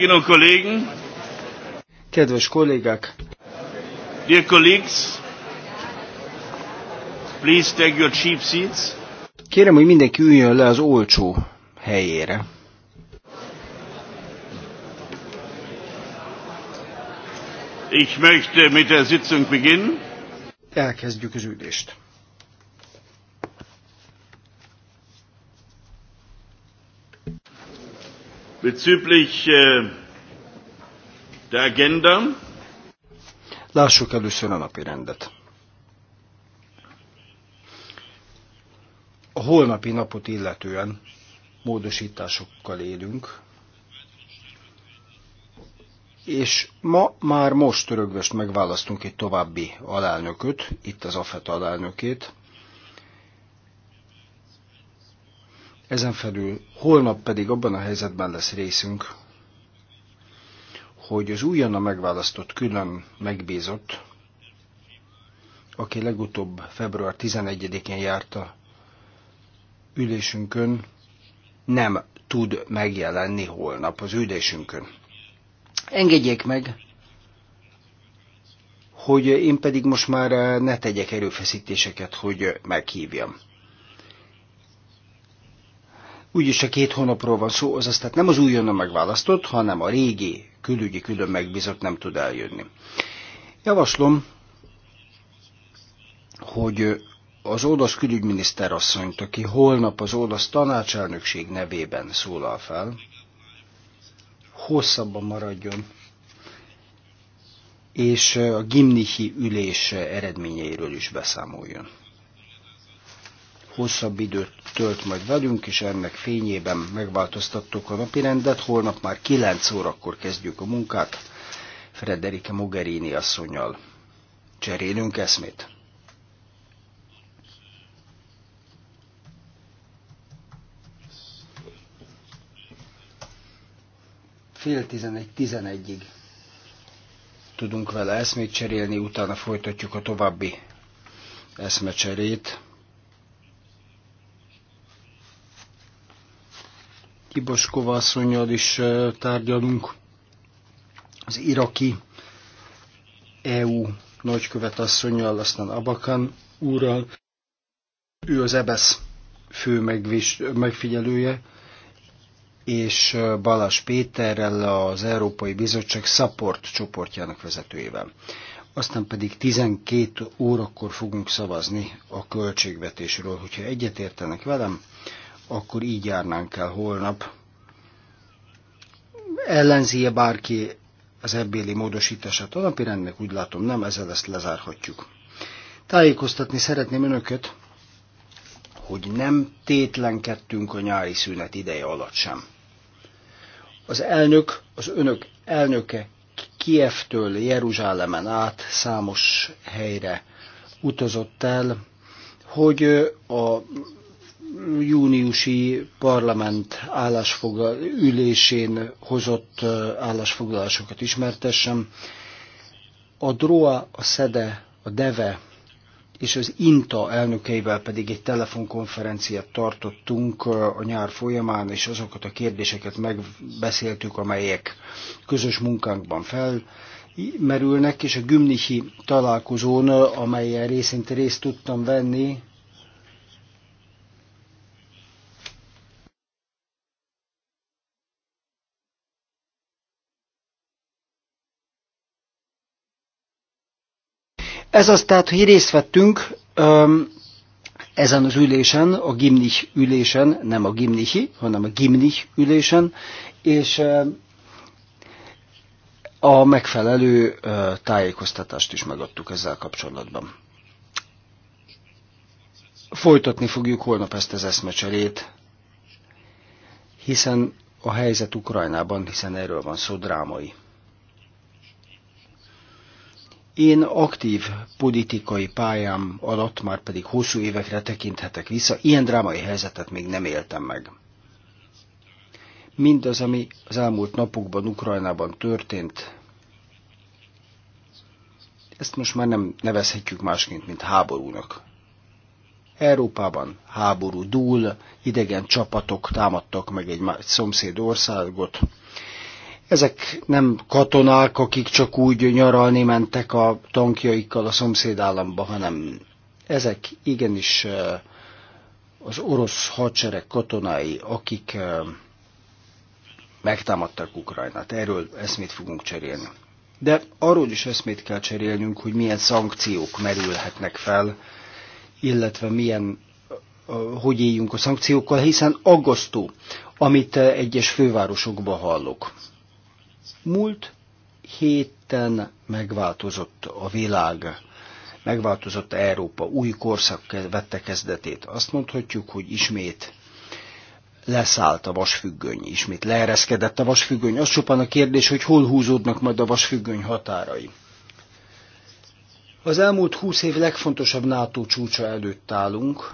Kolleginnen und Kollegen, kedves kollégák, dear colleagues, please take your cheap seats. Kérem, hogy mindenki üljön le az olcsó helyére. Ich möchte mit der Sitzung beginnen. Elkezdjük az üdést. Bezüglich äh, der Agenda. Lássuk először a napi rendet. A holnapi napot illetően módosításokkal élünk, és ma már most törögvest megválasztunk egy további alelnököt, itt az AFET alelnökét, Ezen felül holnap pedig abban a helyzetben lesz részünk, hogy az újonnan megválasztott külön megbízott, aki legutóbb február 11-én járt a ülésünkön, nem tud megjelenni holnap az ülésünkön. Engedjék meg, hogy én pedig most már ne tegyek erőfeszítéseket, hogy meghívjam. Úgyis a két hónapról van szó, azaz tehát nem az újonnan megválasztott, hanem a régi külügyi külön megbízott nem tud eljönni. Javaslom, hogy az olasz külügyminiszter asszonyt, aki holnap az olasz tanácselnökség nevében szólal fel, hosszabban maradjon, és a gimnihi ülés eredményeiről is beszámoljon. Hosszabb időt tölt majd velünk, és ennek fényében megváltoztattuk a napirendet. Holnap már 9 órakor kezdjük a munkát Frederike Mogherini asszonyjal. Cserélünk eszmét! fél tizenegy, tizenegyig tudunk vele eszmét cserélni, utána folytatjuk a további eszmecserét. Tibos Kovászonyjal is tárgyalunk, az iraki EU nagykövet asszonyjal, aztán Abakan úrral. Ő az EBESZ fő megvis, megfigyelője, és Balas Péterrel az Európai Bizottság Support csoportjának vezetőjével. Aztán pedig 12 órakor fogunk szavazni a költségvetésről. Hogyha egyetértenek velem, akkor így járnánk el holnap. Ellenzi-e bárki az ebbéli módosítását a napi rendnek? Úgy látom, nem, ezzel ezt lezárhatjuk. Tájékoztatni szeretném önöket, hogy nem tétlenkedtünk a nyári szünet ideje alatt sem. Az elnök, az önök elnöke kieftől Jeruzsálemen át számos helyre utazott el, hogy a júniusi parlament ülésén hozott állásfoglalásokat ismertessem. A DROA, a SZEDE, a DEVE és az INTA elnökeivel pedig egy telefonkonferenciát tartottunk a nyár folyamán, és azokat a kérdéseket megbeszéltük, amelyek közös munkánkban fel merülnek, és a gümnihi találkozón, amelyen részint részt tudtam venni, Ez az tehát, hogy részt vettünk ezen az ülésen, a Gimnich ülésen, nem a Gimnichi, hanem a Gimnich ülésen, és a megfelelő tájékoztatást is megadtuk ezzel kapcsolatban. Folytatni fogjuk holnap ezt az eszmecserét, hiszen a helyzet Ukrajnában, hiszen erről van szó drámai. Én aktív politikai pályám alatt már pedig hosszú évekre tekinthetek vissza, ilyen drámai helyzetet még nem éltem meg. Mindaz, ami az elmúlt napokban Ukrajnában történt, ezt most már nem nevezhetjük másként, mint háborúnak. Európában háború dúl, idegen csapatok támadtak meg egy szomszéd országot, ezek nem katonák, akik csak úgy nyaralni mentek a tankjaikkal a szomszédállamba, hanem ezek igenis az orosz hadsereg katonái, akik megtámadták Ukrajnát. Erről eszmét fogunk cserélni. De arról is eszmét kell cserélnünk, hogy milyen szankciók merülhetnek fel, illetve milyen, hogy éljünk a szankciókkal, hiszen aggasztó, amit egyes fővárosokban hallok. Múlt héten megváltozott a világ, megváltozott Európa, új korszak vette kezdetét. Azt mondhatjuk, hogy ismét leszállt a vasfüggöny, ismét leereszkedett a vasfüggöny. Az csupán a kérdés, hogy hol húzódnak majd a vasfüggöny határai. Az elmúlt húsz év legfontosabb NATO csúcsa előtt állunk,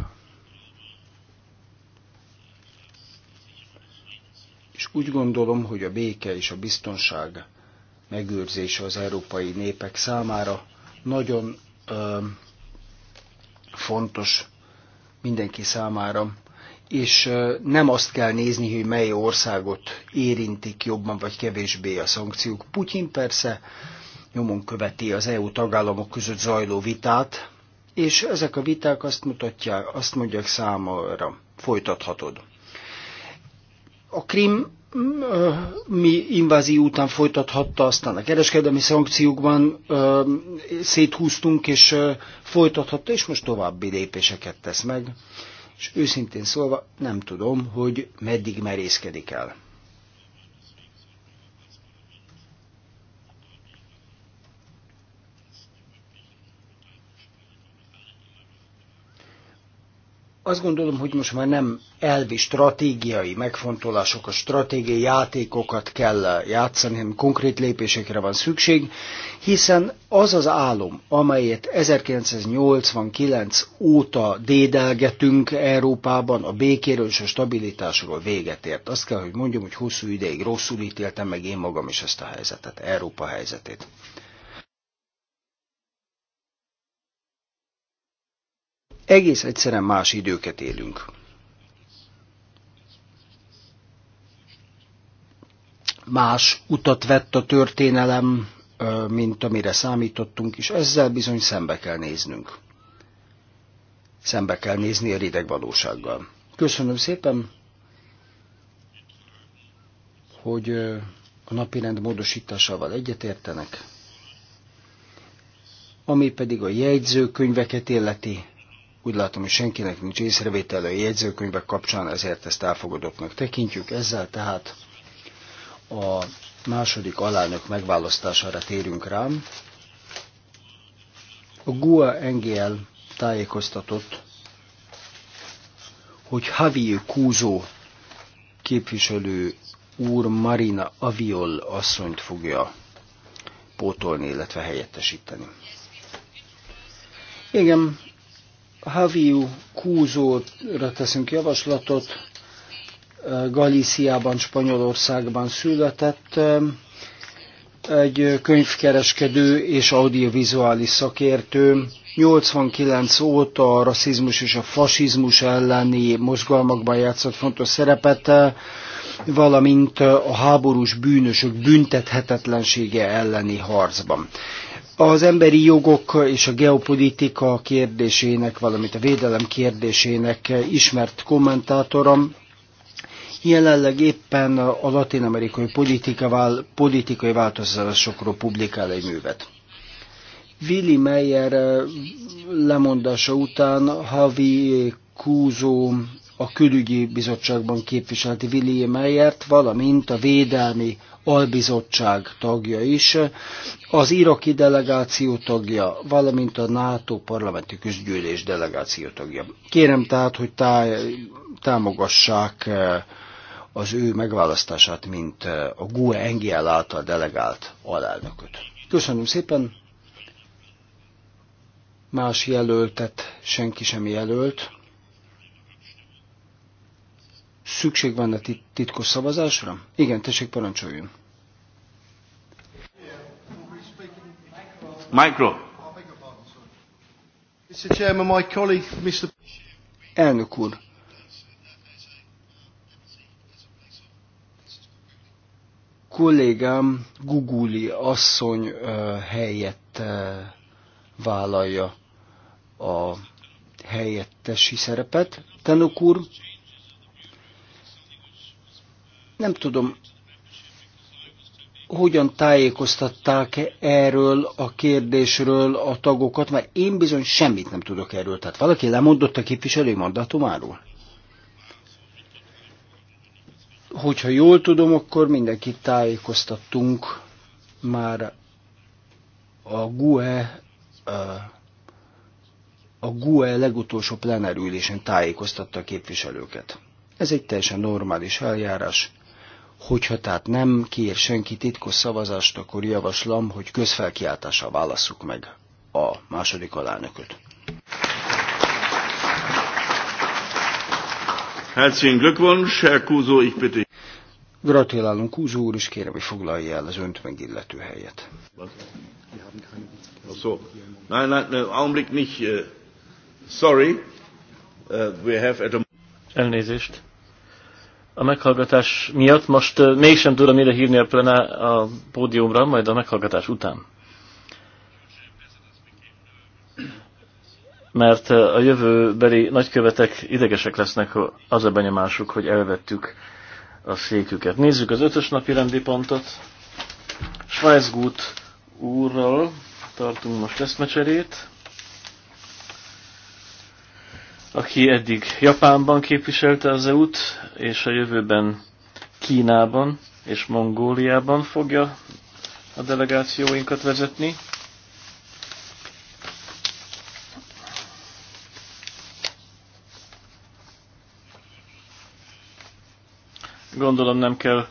Úgy gondolom, hogy a béke és a biztonság megőrzése az európai népek számára nagyon ö, fontos mindenki számára, és ö, nem azt kell nézni, hogy mely országot érintik jobban vagy kevésbé a szankciók. Putyin persze nyomon követi az EU tagállamok között zajló vitát, és ezek a viták azt mutatják, azt mondják számára, folytathatod. A Krim mi invázió után folytathatta, aztán a kereskedelmi szankciókban ö, széthúztunk, és ö, folytathatta, és most további lépéseket tesz meg. És őszintén szólva nem tudom, hogy meddig merészkedik el. Azt gondolom, hogy most már nem elvi stratégiai megfontolásokat, stratégiai játékokat kell játszani, hanem konkrét lépésekre van szükség, hiszen az az álom, amelyet 1989 óta dédelgetünk Európában, a békéről és a stabilitásról véget ért. Azt kell, hogy mondjam, hogy hosszú ideig rosszul ítéltem meg én magam is ezt a helyzetet, Európa helyzetét. Egész egyszerűen más időket élünk. Más utat vett a történelem, mint amire számítottunk, és ezzel bizony szembe kell néznünk. Szembe kell nézni a rideg valósággal. Köszönöm szépen, hogy a napirend módosításával egyetértenek, ami pedig a jegyzőkönyveket illeti úgy látom, hogy senkinek nincs észrevétele a jegyzőkönyvek kapcsán, ezért ezt elfogadottnak tekintjük. Ezzel tehát a második alelnök megválasztására térünk rám. A GUA NGL tájékoztatott, hogy Javier Kúzó képviselő úr Marina Aviol asszonyt fogja pótolni, illetve helyettesíteni. Igen, Haviu Kúzóra teszünk javaslatot, Galíciában, Spanyolországban született, egy könyvkereskedő és audiovizuális szakértő. 89 óta a rasszizmus és a fasizmus elleni mozgalmakban játszott fontos szerepet, valamint a háborús bűnösök büntethetetlensége elleni harcban az emberi jogok és a geopolitika kérdésének, valamint a védelem kérdésének ismert kommentátorom. Jelenleg éppen a latin-amerikai politikai változásokról publikál egy művet. Willy Meyer lemondása után Havi Kúzó a külügyi bizottságban képviselti William Meyert, valamint a Védelmi Albizottság tagja is, az iraki delegáció tagja, valamint a NATO parlamenti közgyűlés delegáció tagja. Kérem tehát, hogy táj, támogassák eh, az ő megválasztását, mint eh, a GUE NGL által delegált alelnököt. Köszönöm szépen! Más jelöltet senki sem jelölt. Szükség van a titkos szavazásra? Igen, tessék, parancsoljon. Micro. Mr. Chairman, my colleague, Mr. Elnök úr, kollégám Guguli asszony helyett vállalja a helyettesi szerepet. Tenok úr, nem tudom, hogyan tájékoztatták erről a kérdésről a tagokat, mert én bizony semmit nem tudok erről. Tehát valaki lemondott a képviselői mandátumáról? Hogyha jól tudom, akkor mindenkit tájékoztattunk már a GUE a GUE legutolsó plenerülésen tájékoztatta a képviselőket. Ez egy teljesen normális eljárás Hogyha tehát nem kér senki titkos szavazást, akkor javaslom, hogy közfelkiáltással válasszuk meg a második alelnököt. Herzlichen Glückwunsch, Herr Kuzo, ich bitte. Gratulálunk, Kúzó úr, és kérem, hogy foglalja el az önt megillető helyet. Ach so. Nein, nein, nein, äh, Augenblick nicht. Äh, sorry. Uh, we have at a... Elnézést a meghallgatás miatt. Most mégsem tudom ide hívni a, plená, a pódiumra, majd a meghallgatás után. Mert a jövőbeli nagykövetek idegesek lesznek, az a benyomásuk, hogy elvettük a széküket. Nézzük az ötös napi rendi pontot. Schweizgut úrral tartunk most eszmecserét aki eddig Japánban képviselte az EU-t, és a jövőben Kínában és Mongóliában fogja a delegációinkat vezetni. Gondolom nem kell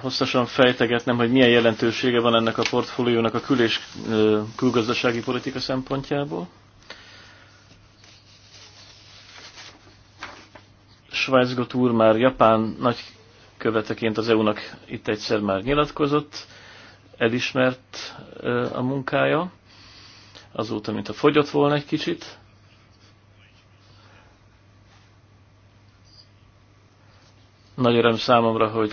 hosszasan fejtegetnem, hogy milyen jelentősége van ennek a portfóliónak a kül- és külgazdasági politika szempontjából. Schweizgot úr már Japán nagy követeként az EU-nak itt egyszer már nyilatkozott, elismert a munkája, azóta, mint a fogyott volna egy kicsit. Nagy öröm számomra, hogy